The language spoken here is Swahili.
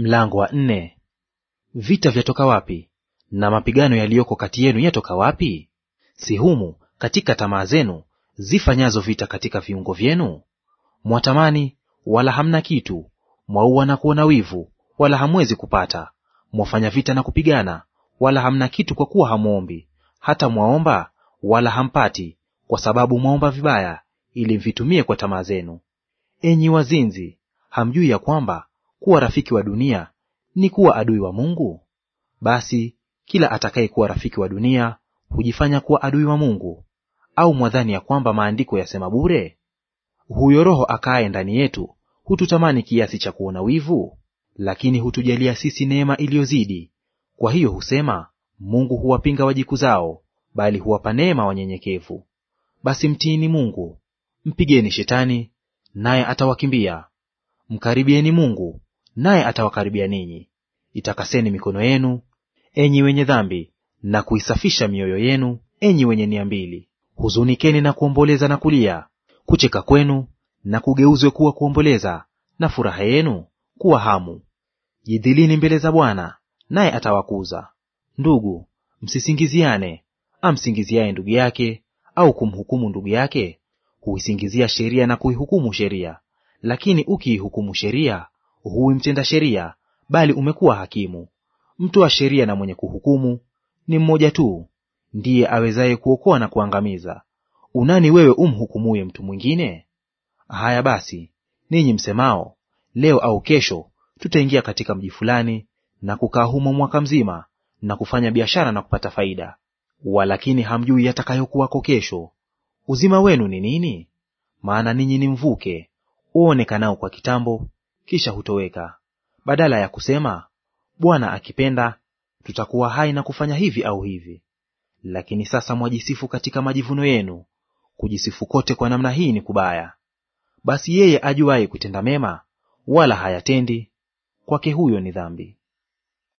Mlango wa nne. Vita vyatoka wapi? Na mapigano yaliyoko kati yenu yatoka wapi? Si humu katika tamaa zenu zifanyazo vita katika viungo vyenu? Mwatamani wala hamna kitu, mwaua na kuona wivu, wala hamwezi kupata; mwafanya vita na kupigana, wala hamna kitu, kwa kuwa hamwombi; hata mwaomba, wala hampati, kwa sababu mwaomba vibaya, ili mvitumie kwa tamaa zenu. Enyi wazinzi, hamjui ya kwamba kuwa rafiki wa dunia ni kuwa adui wa Mungu? Basi kila atakayekuwa rafiki wa dunia hujifanya kuwa adui wa Mungu. Au mwadhani ya kwamba maandiko yasema bure, huyo Roho akaaye ndani yetu hututamani kiasi cha kuona wivu? Lakini hutujalia sisi neema iliyozidi. Kwa hiyo husema, Mungu huwapinga wajikuzao, bali huwapa neema wanyenyekevu. Basi mtiini Mungu. Mpigeni Shetani, naye atawakimbia. Mkaribieni Mungu, naye atawakaribia ninyi. Itakaseni mikono yenu, enyi wenye dhambi, na kuisafisha mioyo yenu, enyi wenye nia mbili. Huzunikeni na kuomboleza na kulia; kucheka kwenu na kugeuzwe kuwa kuomboleza, na furaha yenu kuwa hamu. Jidhilini mbele za Bwana, naye atawakuza. Ndugu, msisingiziane. Amsingiziaye ndugu yake au kumhukumu ndugu yake, huisingizia sheria na kuihukumu sheria. Lakini ukiihukumu sheria, huwi mtenda sheria, bali umekuwa hakimu. Mtoa sheria na mwenye kuhukumu ni mmoja tu, ndiye awezaye kuokoa na kuangamiza. Unani wewe umhukumuye mtu mwingine? Haya basi, ninyi msemao leo au kesho tutaingia katika mji fulani na kukaa humo mwaka mzima na kufanya biashara na kupata faida, walakini hamjui yatakayokuwako kesho. Uzima wenu ni nini? Maana ninyi ni mvuke uonekanao kwa kitambo, kisha hutoweka, badala ya kusema Bwana akipenda tutakuwa hai na kufanya hivi au hivi. Lakini sasa mwajisifu katika majivuno yenu, kujisifu kote kwa namna hii ni kubaya. Basi yeye ajuaye kutenda mema wala hayatendi, kwake huyo ni dhambi.